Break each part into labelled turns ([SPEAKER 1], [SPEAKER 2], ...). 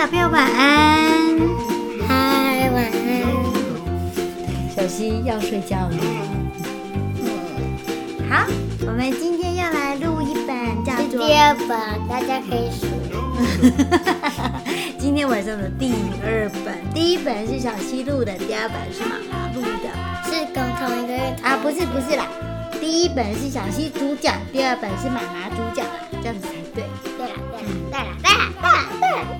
[SPEAKER 1] 小朋友晚安，嗨，晚安。小溪要睡覺了，嗯。好，我們今天要來錄一本，叫做第二本，大家可以數。 今天晚上的第二本，第一本是小溪錄的，第二本是媽媽錄的，是共同一個月。啊，不是不是啦，第一本是小溪主角，第二本是媽媽主角，這樣子才對，對，對，嗯。對啦，對啦，對啦，對啦，對。對啦。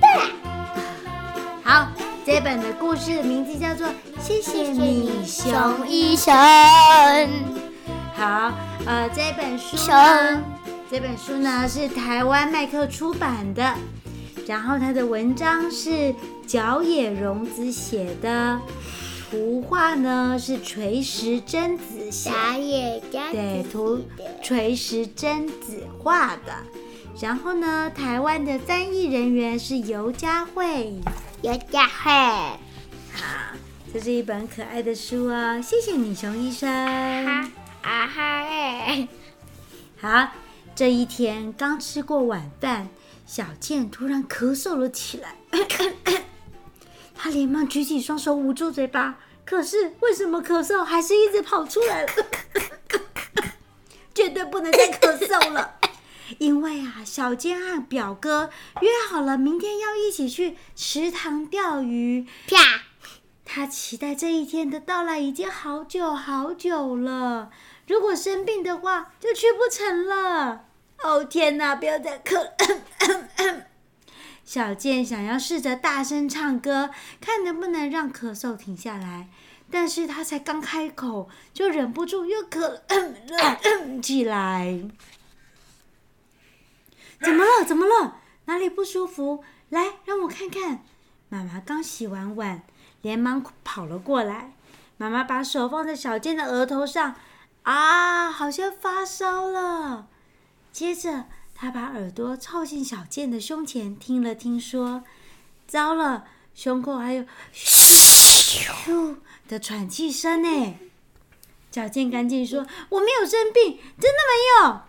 [SPEAKER 1] 好，這本的故事名字叫做《謝謝你，熊醫生》。好，呃，這本書呢，這本書呢是台灣麥克出版的，然後他的文章是角野榮子寫的，圖畫呢是垂石貞子小野家對圖垂石貞子畫的，然後呢，台灣的翻譯人員是尤佳慧。有點壞。好，這是一本可愛的書哦、啊。謝謝你，熊醫生。啊哈哎、啊。好，這一天剛吃過晚飯，小健突然咳嗽了起來。咳咳咳，他連忙舉起雙手捂住嘴巴，可是為什麼咳嗽還是一直跑出來？咳咳咳 絕對不能再咳嗽了。咳咳咳咳因為啊，小健和表哥約好了明天要一起去池塘釣魚。啪！他期待這一天的到來已經好久好久了。如果生病的話，就去不成了。哦，天哪！不要再咳咳咳，咳，咳！小健想要試着大聲唱歌，看能不能讓咳嗽停下來。但是他才剛開口，就忍不住又咳咳，咳，咳，咳起來。怎麼了？怎麼了？哪裡不舒服？來，讓我看看。媽媽剛洗完碗，連忙跑了過來。媽媽把手放在小健的額頭上，啊，好像發燒了。接着，她把耳朵湊近小健的胸前，聽了聽，說：“糟了，胸口還有咻咻咻的喘氣聲呢！”哎，小健趕緊說：“我沒有生病，真的沒有。”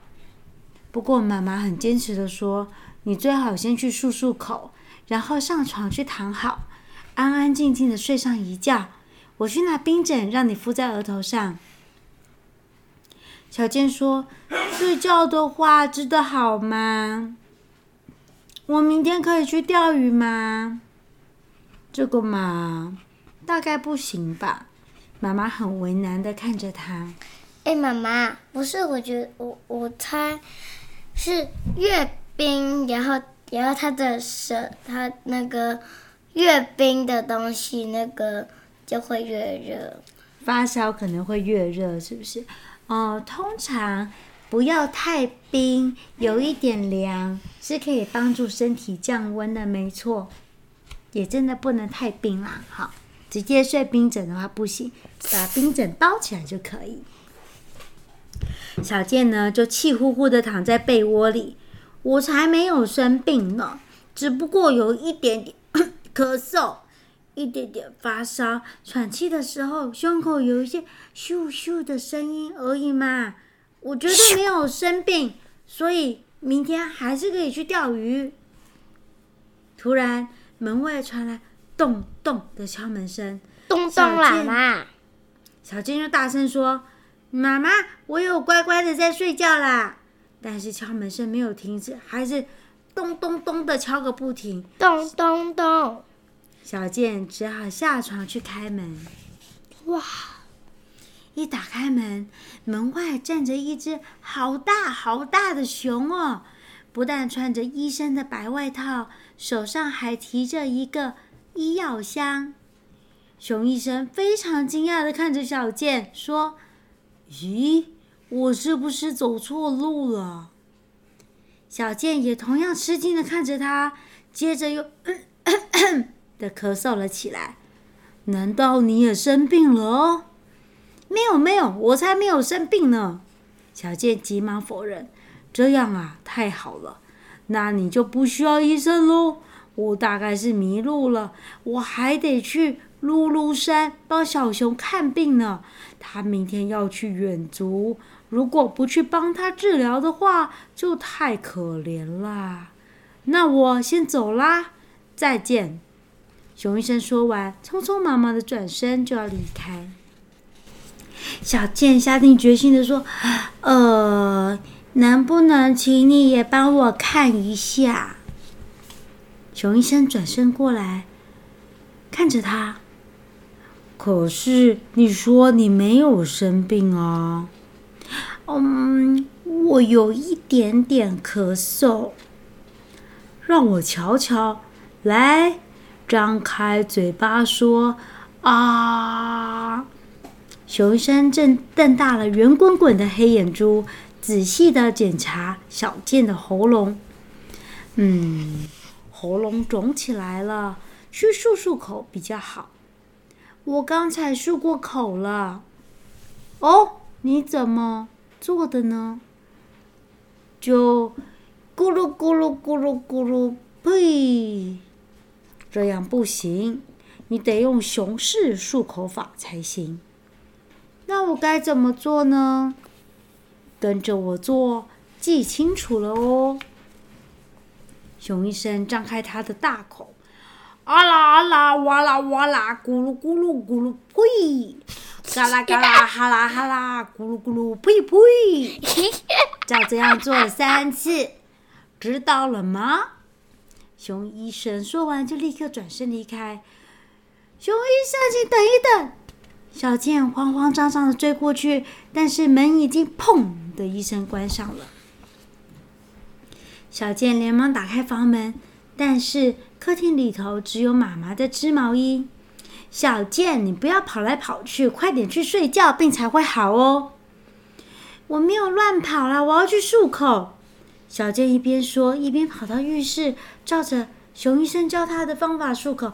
[SPEAKER 1] 不過媽媽很堅持地說：“你最好先去漱漱口，然後上床去躺好，安安靜靜的睡上一覺。我去拿冰枕讓你敷在額頭上。”小健說：“睡覺的話，真的好嗎？我明天可以去釣魚嗎？這個嘛，大概不行吧。”媽媽很為難地看着他。哎、欸，媽媽，不是，我覺得我，我我猜。是越冰，然後，然後他的手，他那個，越冰的東西，那個就會越熱，發燒可能會越熱，是不是？哦，通常不要太冰，有一點涼是可以幫助身體降溫的，沒錯，也真的不能太冰啦，哈，直接睡冰枕的話不行，把冰枕包起來就可以。小健呢，就氣呼呼的躺在被窩裡。我才沒有生病呢，只不過有一點點咳嗽，一點點發燒，喘氣的時候胸口有一些咻咻的聲音而已嘛。我絕對沒有生病，所以明天還是可以去釣魚。突然，門外傳來咚咚的敲門聲。咚咚，啦，嘛。小健就大聲說。媽媽，我有乖乖的在睡覺啦。但是敲門聲沒有停止，還是咚咚咚的敲個不停。咚咚咚，小健只好下床去開門。哇！一打開門，門外站着一隻好大好大的熊哦，不但穿着醫生的白外套，手上還提着一個醫藥箱。熊醫生非常驚訝的看着小健，說。咦，我是不是走錯路了？小健也同樣吃驚的看着他，接着又咳咳咳地咳嗽了起來。難道你也生病了哦？沒有沒有，我才沒有生病呢！小健急忙否認。這樣啊，太好了，那你就不需要醫生嘍。我大概是迷路了，我還得去露露山幫小熊看病呢，他明天要去遠足，如果不去幫他治療的話，就太可憐啦。那我先走啦，再見。熊醫生說完，匆匆忙忙的轉身就要離開。小健下定決心的說：“呃，能不能請你也幫我看一下？”熊醫生轉身過來，看着他。可是你說你沒有生病啊？嗯，um，我有一點點咳嗽。讓我瞧瞧，來，張開嘴巴說啊！熊醫生正瞪大了圓滾滾的黑眼珠，仔細的檢查小健的喉嚨。嗯，喉嚨腫起來了，去漱漱口比較好。我剛才漱過口了。哦，你怎麼做的呢？就咕嚕咕嚕咕嚕咕嚕，呸！這樣不行，你得用熊式漱口法才行。那我該怎麼做呢？跟着我做，記清楚了哦。熊醫生張開他的大口。啊啦啊啦，哇啦哇啦，咕嚕咕嚕咕嚕，呸！嘎啦嘎啦，哈啦哈啦，咕嚕咕嚕，呸呸！嘿嘿，照這樣做三次，知道了嗎？熊醫生說完就立刻轉身離開。熊醫生，請等一等！小健慌慌張張的追過去，但是門已經砰的一聲關上了。小健連忙打開房門，但是。客廳裡頭只有媽媽在織毛衣。小健，你不要跑來跑去，快點去睡覺，病才會好哦。我沒有亂跑啦，我要去漱口。小健一邊說，一邊跑到浴室，照着熊醫生教他的方法漱口。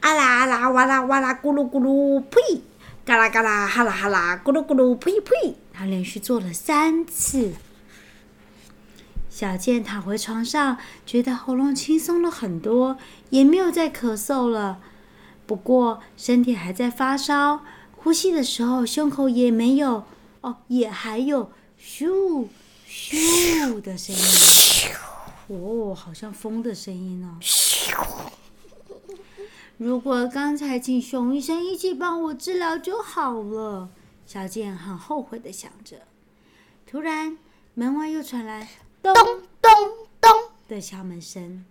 [SPEAKER 1] 啊啦啊啦，哇啦哇啦，咕嚕咕嚕，呸！嘎啦嘎啦，哈啦哈啦，咕嚕咕嚕，呸呸。他連續做了三次。小健躺回床上，覺得喉嚨輕鬆了很多，也沒有再咳嗽了。不過身體還在發燒，呼吸的時候胸口也沒有……哦，也還有咻咻的聲音，咻，哦，好像風的聲音呢、哦。如果剛才請熊醫生一起幫我治療就好了，小健很後悔地想着。突然，門外又傳來。咚咚咚的敲門聲，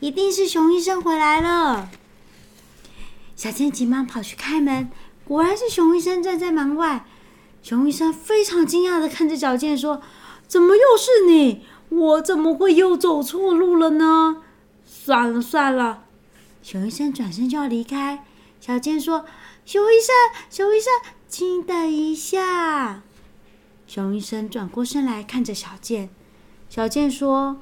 [SPEAKER 1] 一定是熊醫生回來了。小健急忙跑去開門，果然是熊醫生站在門外。熊醫生非常驚訝的看着小健說：“怎麼又是你？我怎麼會又走錯路了呢？”算了算了，熊醫生轉身就要離開。小健說：“熊醫生，熊醫生，請等一下。”熊醫生轉過身來看着小健。小健說：“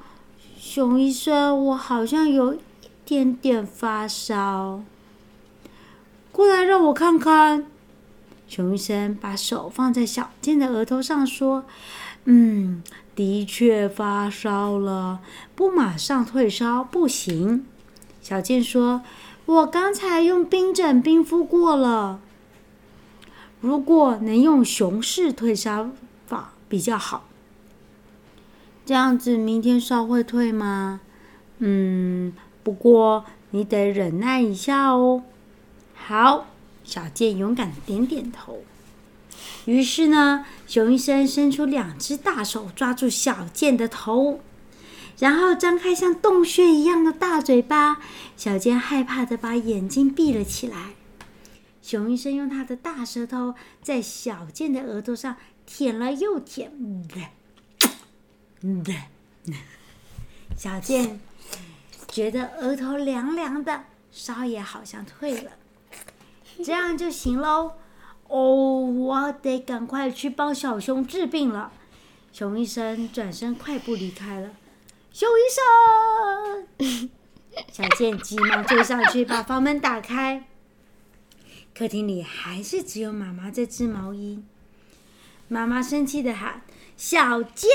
[SPEAKER 1] 熊醫生，我好像有一點點發燒，過來讓我看看。”熊醫生把手放在小健的額頭上說：“嗯，的確發燒了，不馬上退燒不行。”小健說：“我剛才用冰枕冰敷過了，如果能用熊式退燒法比較好。”這樣子明天燒會退嗎？嗯，不過你得忍耐一下哦。好，小健勇敢點點頭。於是呢，熊醫生伸出兩隻大手抓住小健的頭，然後張開像洞穴一樣的大嘴巴。小健害怕的把眼睛閉了起來。熊醫生用他的大舌頭在小健的額頭上舔了又舔了。嗯、小健覺得額頭涼涼的，燒也好像退了，這樣就行嘍。哦、oh，我得趕快去幫小熊治病了。熊醫生轉身快步離開了。熊醫生！小健急忙追上去，把房門打開。客廳裡還是只有媽媽在織毛衣。媽媽生氣地喊：“小健！”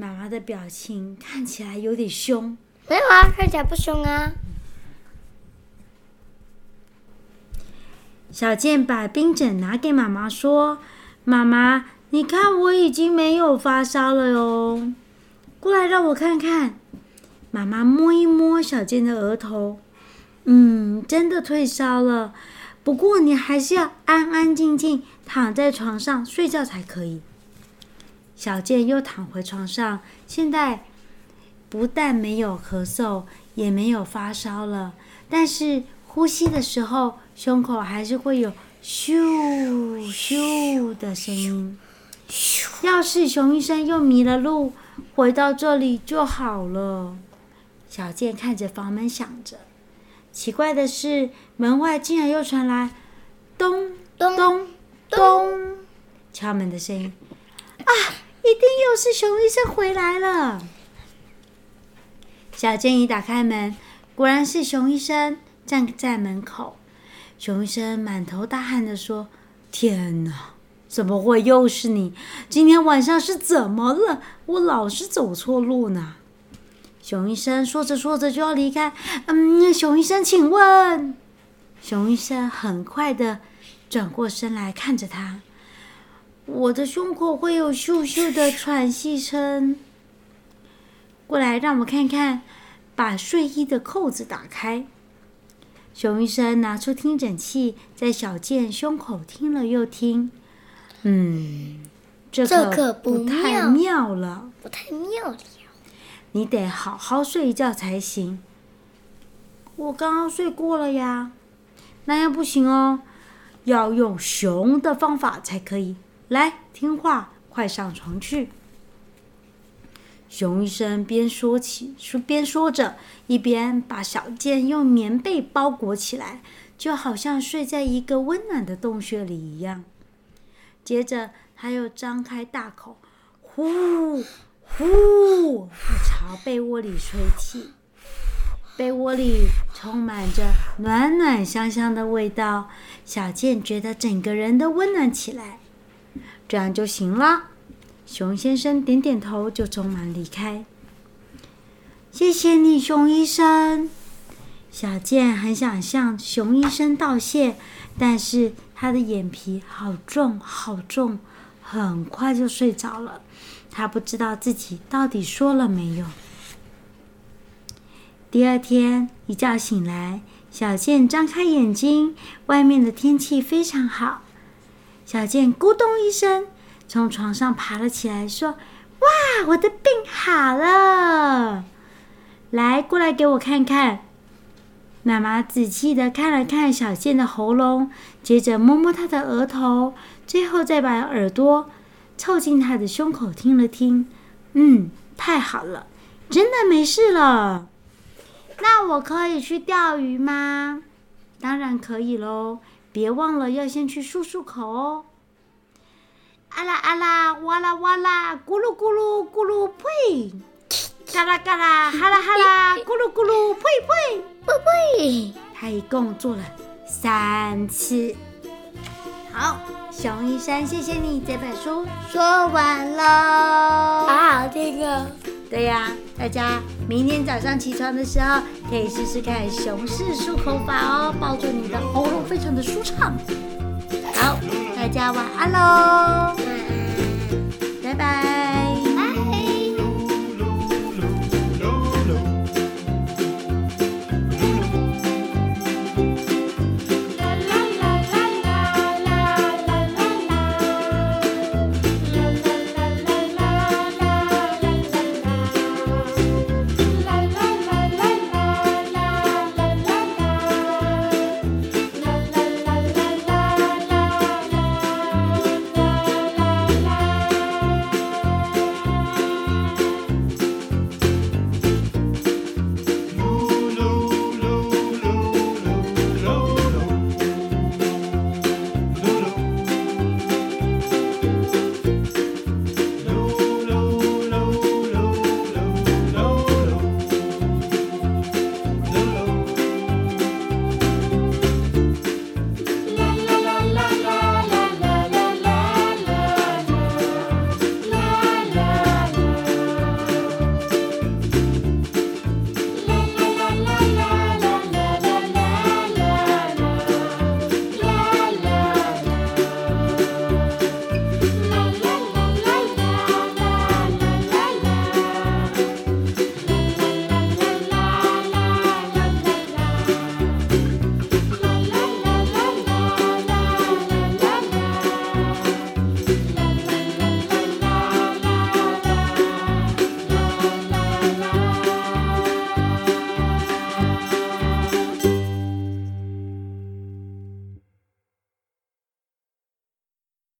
[SPEAKER 1] 媽媽的表情看起來有點凶。沒有啊，看起來不凶啊。小健把冰枕拿給媽媽說：“媽媽，你看我已經沒有發燒了喲。”過來讓我看看。媽媽摸一摸小健的額頭，嗯，真的退燒了。不過你還是要安安靜靜躺在床上睡覺才可以。小健又躺回床上，現在不但沒有咳嗽，也沒有發燒了，但是呼吸的時候，胸口還是會有咻咻的聲音。咻咻咻。要是熊醫生又迷了路，回到這裡就好了。小健看着房門，想着。奇怪的是，門外竟然又傳來咚咚咚，咚，咚敲門的聲音。啊！一定又是熊醫生回來了。小建，一打開門，果然是熊醫生站在門口。熊醫生滿頭大汗的說：“天哪，怎麼會又是你？今天晚上是怎麼了？我老是走錯路呢。”熊醫生說着說着就要離開。嗯，熊醫生，請問。熊醫生很快的轉過身來看着他。我的胸口會有咻咻的喘息聲。過來，讓我看看，把睡衣的扣子打開。熊醫生拿出聽診器，在小健胸口聽了又聽，嗯，這可不太妙了，不太妙了。你得好好睡一覺才行。我剛剛睡過了呀。那樣不行哦，要用熊的方法才可以。來，聽話，快上床去。熊醫生邊說起，說，邊說着，一邊把小健用棉被包裹起來，就好像睡在一個溫暖的洞穴裡一樣。接着，他又張開大口，呼呼一朝被窩裡吹氣，被窩裡充滿着暖暖香香的味道，小健覺得整個人都溫暖起來。這樣就行了。熊先生點點頭，就匆忙離開。謝謝你，熊醫生。小健很想向熊醫生道謝，但是他的眼皮好重好重，很快就睡着了。他不知道自己到底說了沒有。第二天一覺醒來，小健張開眼睛，外面的天氣非常好。小健咕咚一聲從床上爬了起來，說：“哇，我的病好了！來，過來給我看看。”媽媽仔細地看了看小健的喉嚨，接着摸摸他的額頭，最後再把耳朵湊近他的胸口聽了聽。“嗯，太好了，真的沒事了。”“那我可以去釣魚嗎？”“當然可以嘍。”別忘了要先去漱漱口哦。阿拉阿拉，哇啦哇啦，咕嚕咕嚕咕嚕呸，嘎啦嘎啦，哈啦哈啦，咕嚕咕嚕呸呸呸呸。他一、哎、共做了三次。好，熊醫生，謝謝你。這本書說完了。好，啊，這個。對呀，啊，大家。明天早上起床的時候，可以試試看熊式漱口法哦，保證你的喉嚨、哦、非常的舒暢。好，大家晚安嘍，嗯，拜拜。拜拜。